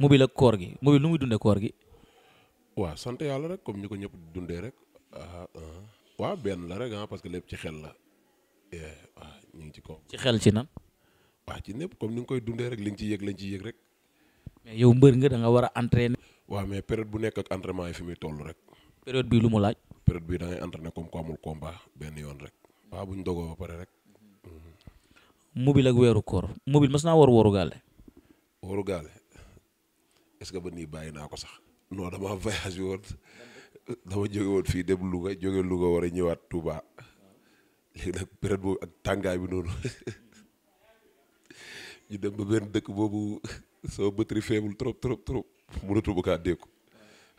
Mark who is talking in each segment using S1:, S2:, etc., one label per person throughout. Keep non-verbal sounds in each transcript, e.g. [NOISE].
S1: Mobile ak koor gi Mobile lu muy dundee koor gi. waaw
S2: sant yàlla rek comme ñu ko ñëpp dundee rek ah, ah waaw benn la rek ah parce que lépp ci xel la waaw ñu ngi ci kaw. ci xel ci nan. waaw ci népp comme ni nga koy dundee rek li nga ci yëg lañ ci yëg rek. mais yow mbër nga danga nga war a entraîner. waaw mais période bu nekk ak entraînement yi fi muy toll rek. période bii lu mu laaj. période bii da ngay entraîner comme ko amul combat benn yoon rek. waaw buñ dogoo ba pare rek.
S1: Mobile ak weeru koor Mobile mas naa war wooru gaale.
S2: wooru est-ce ba nii bàyyi naa ko sax non dama voyage woon dama jóge woon fii dem Louga jóge Louga war a ñëwaat Touba léegi nag ak tàngaay bi noonu [LAUGHS] ñu dem ba benn dëkk boobu sama batterie faible trop trop trop mënatuma kaa dékku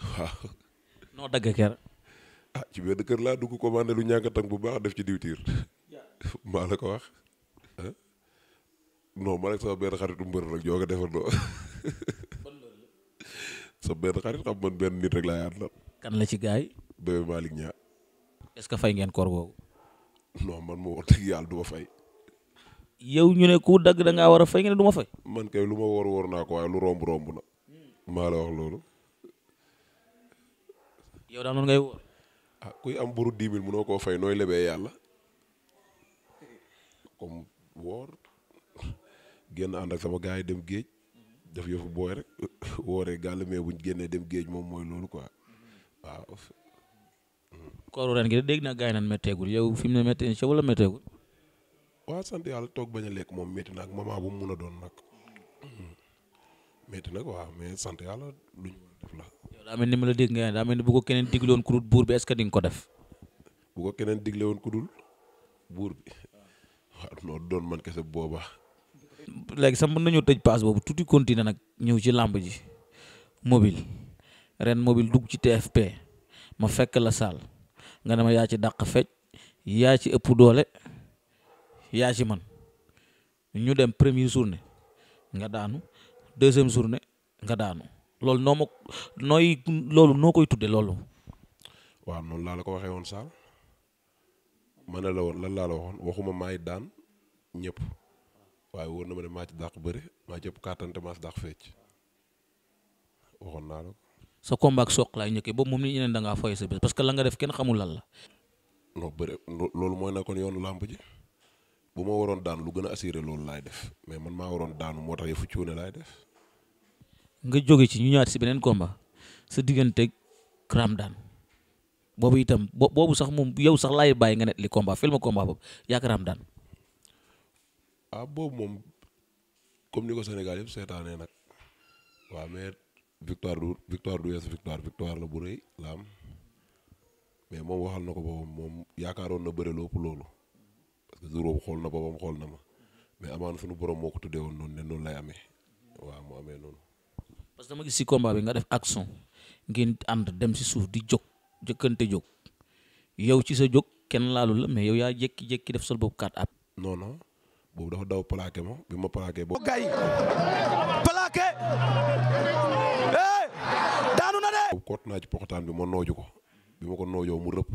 S2: waaw.
S1: noo dagg kër.
S2: ah ci benn kër laa dugg commandé lu ñàkk tang bu baax def ci diwtiir [LAUGHS] ko wax ah? non man ak sama benn xaritu mbër nag ñoo ko defandoo. [LAUGHS] sa benn xarit xam man benn nit rek laay àndal. kan la ci gaay yi. bébé Malick Niang. est-ce que fay ngeen koor boobu. non man moo wax dëgg yàlla du fay. yow
S1: ñu ne ku dagg da war a fay ngeen du ma fay.
S2: man kay lu ma woor woor naa ko waaye lu romb romb na. maa wax loolu. yow daal noonu ngay woor. ah kuy am buru 10 000 mënoo koo fay nooy lebee yàlla. comme woor [LAUGHS] génn ànd ak sama gars yi dem géej. def yëfu booy rek [LAUGHS] wooree gàll mais buñ génnee dem géej moom mooy loolu ko waaw.
S1: kooru ren gi dégg naa gars yi naan yow fi mu ne méttee
S2: sant yàlla toog bañ a lekk moom métti na ak maman bu mu a doon nag. métti nag waaw
S1: mais sant yàlla luñ def la. yow daa mel ni ma la dégg nga daa mel ni bu ko keneen digle woon ku dul buur bi est ko def. bu ko keneen digle woon ku dul buur bi. waaw non
S2: doon man kese boobaa.
S1: léegi sax mën nañoo tëj paas boobu tuuti continuer nag ñëw ci làmb ji mobile ren mobile dugg ci TFP ma fekk la saal nga ne ma yaa ci dàq fecc yaa ci ëpp doole yaa ci man ñu dem premier journée nga daanu deuxième journée nga daanu loolu noo ma nooy loolu noo koy tudde loolu waaw noonu laa
S2: la ko waxee woon saal ma ne la woon lan laa la waxoon waxuma maay daan ñëpp waaye wóor na ma ne maa ci dàq bëri maa ci ëpp kàttan te maa
S1: waxoon naa la ko. sa combat ak soq laay ñëkkee boobu moom ni ñu ne da sa bés parce que la nga def kenn xamul la.
S2: non bëri loolu mooy nekkoon yoonu làmb ji bu ma waroon daan lu gën a assuré loolu laay def mais man maa waroon daanu moo tax yëfu cuune laay def.
S1: nga jóge ci ñu ñëwaat si beneen combat sa digganteeg Ramdan boobu itam boobu sax moom yow sax laay bàyyi nga net li combat film combat boobu yaa Ramdan
S2: ah boobu moom comme ni ko Sénégal yëpp seetaanee nag waaw mais victoire du victoire du weesu victoire victoire la bu rëy la mais moom waxal na ko boppam moom yaakaaroon na bëre lu ëpp loolu parce que jour boobu xool na boppam xool na ma mais amaan suñu borom moo ko tuddee woon noonu ne noonu lay amee waa mu amee noonu.
S1: parce que dama gis ci combat bi nga def action ngeen ànd dem ci suuf di jóg jëkkante jóg yow ci sa jóg kenn laalu la mais yow yaa jékki-jékki def sol boobu kaat ab. boobu dafa daw plaqué ma bi ma plaqué boo gay plaqué.
S2: Eh, daanu na de. boobu kott naa ci bi ma nooju ko bi ma ko noojoo mu rëpp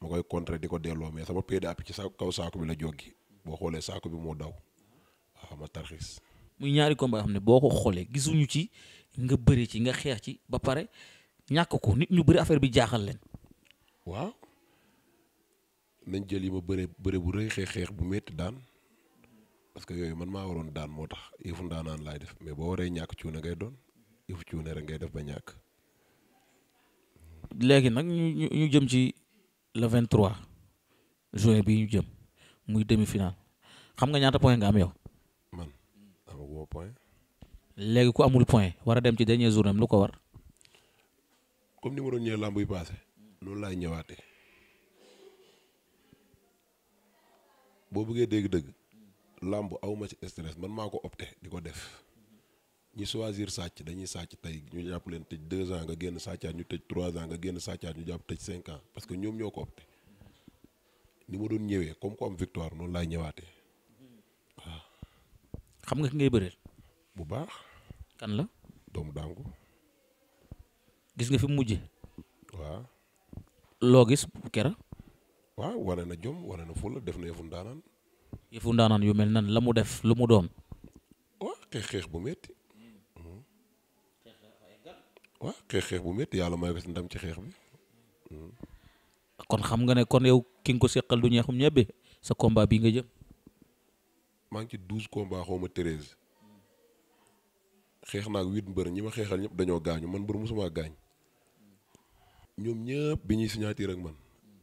S2: ma koy contrer di ko delloo mais sama pied d'appui ci sa kaw saako bi la joggi boo xoolee saako bi
S1: moo daw waaw
S2: ah, ma tarxis.
S1: muy ñaari combat xam ne boo ko xoolee gisuñu ci nga bëri ci nga xeex ci ba pare ñàkk ko nit ñu bëri affaire bi jaaxal leen.
S2: waaw nañ jël yi ma bëree bëri bu rëy xeex xeex bu métti daan. parce que yooyu man maa waroon daan moo tax yëfu ndaanaan laay def mais boo waree ñàkk cuune ngay doon yëfu cuune rek ngay def ba ñàkk.
S1: léegi nag ñu ñu jëm ci le 23 juin bii ñu jëm muy demi final xam nga ñaata point nga am yow. man amaguma point. léegi ku amul point war a dem ci dernier journée am lu ko war.
S2: comme ni ma doon ñëwee làmb yi paase. loolu laay ñëwaate boo buggee dégg-dëgg. làmb aw ci stress man maa ko opté di ko def ñi choisir sàcc dañuy sàcc tey ñu jàpp leen tëj deux ans nga génn sàccaat ñu tëj trois ans nga génn sàccaat ñu jàpp tëj cinq ans parce que ñoom ñoo ko opté ni ma doon ñëwee comme ko am victoire noonu laay ñëwaatee
S1: waaw. xam nga ki ngay bëreel. bu baax. kan la. doomu dàngu. gis nga fi mu mujjee. waaw. loo gis kera.
S2: waaw wane na jom wane na fulla def na yëfu ndaanaan. ndaa ndaanaan
S1: yu mel nan la mu def lu mu doon.
S2: waaw xeex xeex bu metti hmm. waaw xeex bu metti yàlla may ko si ndam ci xeex bi. Hmm.
S1: kon xam nga ne kon yow ki nga ko seqal du ñeexum ñebbe sa combat bii nga jëm.
S2: maa ngi ci douze combats xaw ma treize. xeex naag huit mbër ñi ma xeexal ñëpp dañoo gaañu man mbër mosuma gaañ. ñoom ñëpp bi ñuy signature ak man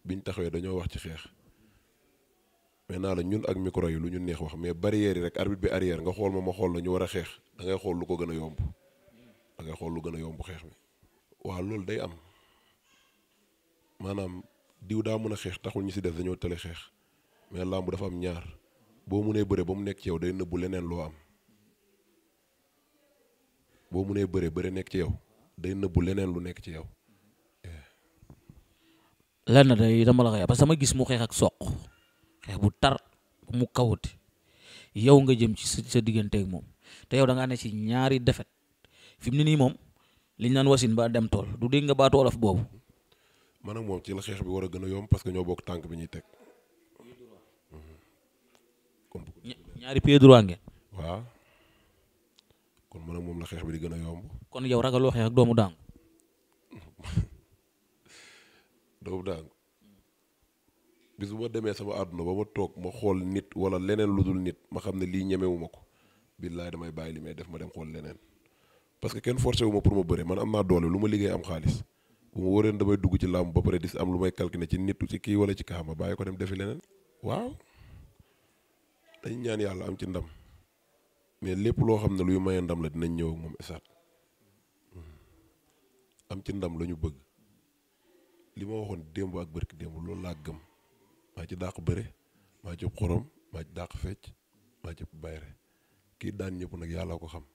S2: biñ taxawee dañoo wax ci xeex. mais naa la ñun ak micro yi lu ñu neex wax mais barrière yi rek arbitre bi arrière nga xool ma ma xool la ñu war a xeex da ngay xool lu ko gën a yomb da ngay xool lu gën a yomb xeex bi waaw loolu day am maanaam diw daa mën a xeex taxul ñu si def dañoo tële mais làmb dafa am ñaar boo mënee bëre ba mu nekk ci yow day nëbbu leneen loo am boo mënee bëre bëre nekk ci yow day nëbbu leneen lu nekk ci yow.
S1: lenn day dama la koy parce que dama gis mu xeex ak soq. xeex bu tar mu kawuti yow nga jëm ci sa digganteeg moom te yow da ngaa ne ci ñaari defet fi ne nii moom liñ naan wasin ba dem tool du dégg nga baatu wolof boobu. man ak moom ci la xeex
S2: bi war a gën a yomb parce que ñoo bokk tànk bi ñuy teg.
S1: ñaari pied droit ngeen.
S2: waaw kon man ak moom la xeex bi di gën a yomb.
S1: kon yow ragaloo xeex ak doomu daangu.
S2: [LAUGHS] doomu daangu. bis bu ma demee sama àdduna ba ma toog ma xool nit wala leneen lu dul nit ma xam ne lii ñemewu ma ko billaay damay bàyyi li may def ma dem xool leneen parce que kenn forcé wu ma pour ma bëre man am naa doole lu ma liggéey am xaalis bu ma wóoree damay dugg ci làmb ba pare di si am lu may calculer ci nit ci kii wala ci kaa ma bàyyi ko dem defi leneen waaw dañ ñaan yàlla am ci ndam mais lépp loo xam ne luy maye ndam la dina ñëw moom esaat hmm. am ci ndam la ñu bëgg li ma waxoon démb ak bërki démb loolu laa gëm maa ci dàq bëre maa ci xorom maa ci dàq fecc maa ci bayre kii daan ñëpp nag yàlla ko xam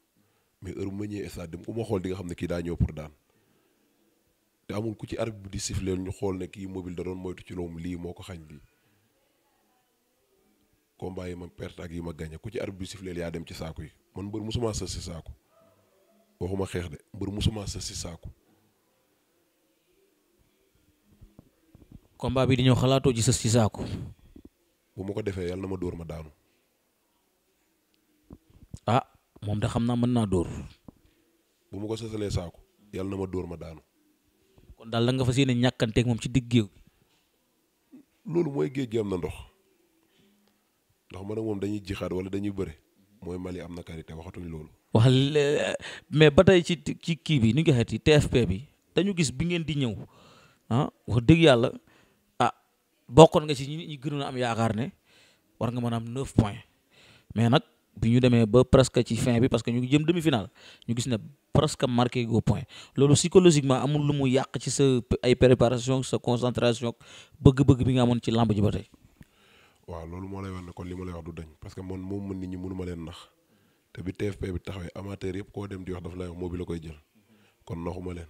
S2: mais heure bu ma ñëwee stade dem ku ma xool di nga xam ne kii daa ñëw pour daan te amul ku ci arbitre bi di siffleel ñu xool ne kii mobile da doon moytu ci loom lii moo ko xañ lii combat yi ma perte ak yi ma gagné ku ci arbitre bi siffleel yaa dem ci saaku yi man mbër musuma sës si saaku waxuma xeex de mbër musuma sës si saaku
S1: combat bi di ñëw xalaatoo ci sës ci saako. bu
S2: ma ko defee yàlla na ma dóor ma daanu.
S1: Ah, moom da xam naa mën naa dóor.
S2: bu ma ko sësalee saako yàlla na ma dóor ma daanu.
S1: kon daal la nga fas yéene ñàkkanteeg moom ci digg géew.
S2: loolu mooy géej gi am ndox ndax man ak moom dañuy wala dañuy bëre mooy Mali am na karité waxatuñu loolu.
S1: wax mais ba tey ci ci kii bi nu ñu koy TFP bi dañu gis bi ngeen di ñëw ah, wax dëgg yàlla. bokkoon nga ci ñi gënoon am yaakaar ne war nga mën a am 9 points mais nag bi ñu demee ba presque ci fin bi parce que ñu ngi jëm demi finale ñu gis ne presque marqué go point loolu psychologiquement amul lu mu yàq ci sa ay préparation sa concentration bëgg-bëgg bi nga amoon ci lamb ji ba tey.
S2: waaw loolu moo lay wax ne kon li ma lay wax du dañ parce que man moom mën nit ñi mënu ma leen nax te bi TFP bi taxawee amateur yëpp koo dem di wax dafa lay wax moo bi la koy jël kon naxuma leen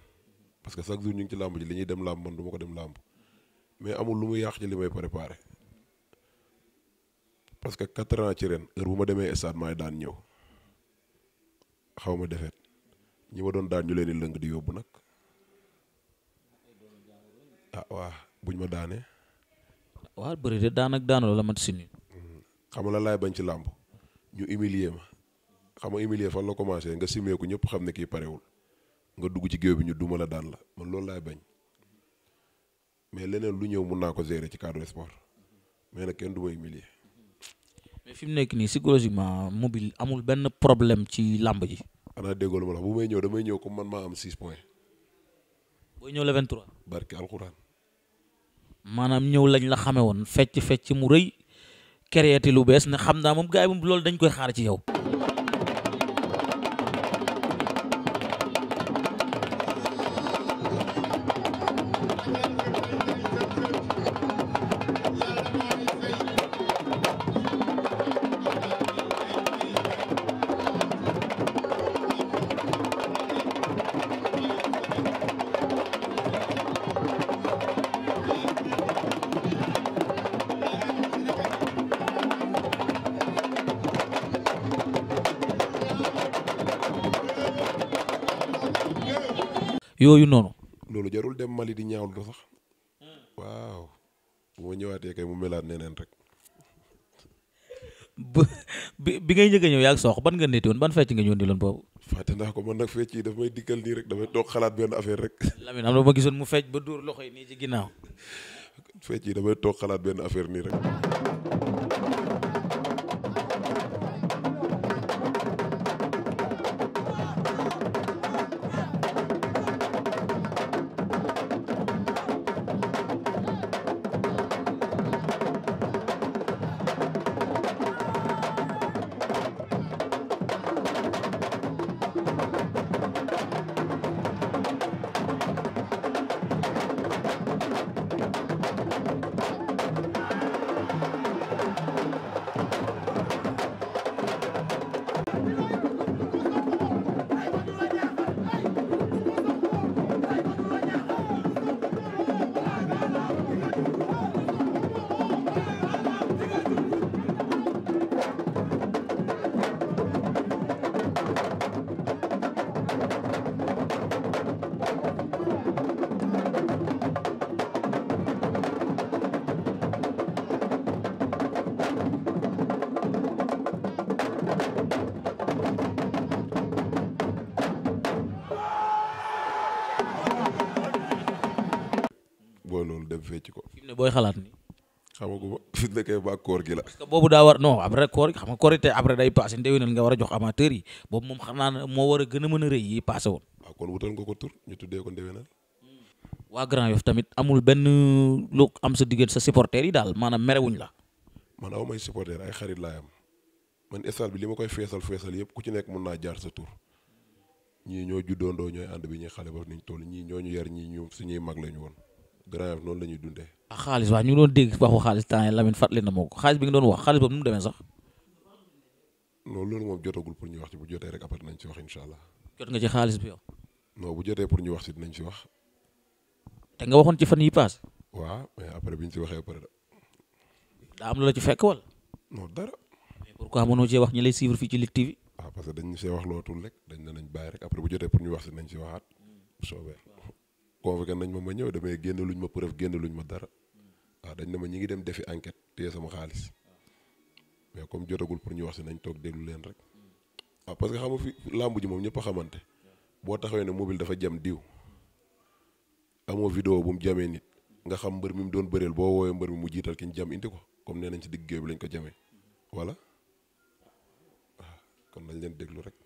S2: parce que chaque jour ñu ngi ci lamb ji li ñuy dem ko dem lamb. mais amul lu mu yàq ci li may préparé parce que quatre ans ci ren heure bu ma demee stade maay daan ñëw xaw ma defet ñi ma doon daan ñu leen di lëng di yóbbu nag ah waa buñ ma daanee.
S1: waaw bëri de daan ak daanoo la mat si nii.
S2: xam nga la laay bañ ci làmb ñu humilier ma xam nga humilier fan la commencé nga simmeeku ñëpp xam ne kii parewul nga dugg ci géew bi ñu duma la daan la man loolu laay bañ. mais leneen lu ñëw mun naa ko gérer ci cadre sport mais nag kenn du ma humilier.
S1: mais fi mu nekk nii psychologiquement mobile amul benn problème ci làmb ji.
S2: xanaa déggoo ma la bu may ñëw damay ñëw comme man maa am 6 points. booy ñëw le 23. barke alxuraan.
S1: maanaam ñëw lañ la xamee woon fecc fecc mu rëy créer lu bees ne xam naa moom gars yi moom loolu dañ koy xaar ci yow. yooyu noonu.
S2: loolu jarul dem Mali di ñaawlu sax. waaw. bu ma ñëwaatee kay mu melaat neneen rek.
S1: bi bi ngay njëkk a ñëw yaa ngi soox ban nga netti woon ban fecc nga ñëw ndiloon boobu.
S2: fàtte naa ko man nag fecc yi daf may diggal nii rek damay toog xalaat benn affaire rek. Lamine am na ma gisoon mu fecc ba dóor loxo yi nii ci ginnaaw. fecc yi damay toog xalaat benn affaire nii rek. fecc ko. fi mu ne booy xalaat ni xamaguma fi [LAUGHS] mu nekkee ba koor gi la.
S1: boobu daa war non après koor gi xam nga korite après day passé ndéwénal nga war a jox amateur yi boobu moom xam naa moo war a gën a mën a rëy yi passé woon.
S2: waaw ah, kon wutal nga ko tur ñu tuddee ko ndéwénal.
S1: Hmm. benn lu am sa diggante sa yi daal maanaam merewuñ la.
S2: man aw may supporter ay xarit laay am man stade bi li ma koy feesal feesal yëpp ku ci nekk mën naa jaar sa tur ñii ñoo juddoondoo ñooy ànd bi ñu xale ba niñ toll ñii ñoo ñu yar ñii ñu suñuy mag lañu woon. Grand Yoff noonu la dundee.
S1: ah xaalis waaw ñu ngi doon dégg waxu xaalis temps yi Lamine fàttali na xaalis bi nga doon wax xaalis boobu nu mu demee sax.
S2: non loolu moom jotagul pour ñu wax ci bu jotee rek après nañ ci wax incha allah. jot nga ci xaalis bi yow. non bu jotee pour ñu wax wax. te nga waxoon ci fan yi paas. waaw mais après bi ñu ci waxee après.
S1: daa am lu la ci fekk wala. non dara. mais pourquoi mënoo cee fii ci Lutte TV.
S2: waaw ah, dañ see wax lootul rek dañ ne nañ bàyyi rek après bu wax ci nañ ci waxaat hmm. soobee. convoqué nañ ma ma ñëw demee génn luñ ma preuve génn luñ ma dara waaw dañ ne ma ñi ngi dem defi enquête téye sama xaalis mais comme jotagul pour ñu wax si nañ toog déglu leen rek waaw parce que xam nga fi làmb ji moom ñëpp xamante boo taxawee ne mobile dafa jam diw amoo vidéo bu mu jamee nit nga xam mbër mi mu doon bëreel boo woowee mbër mi mu jiital ki ñu jam indi ko comme nee nañ ci digg géew bi lañ ko jamee voilà waaw kon nañ leen déglu rek.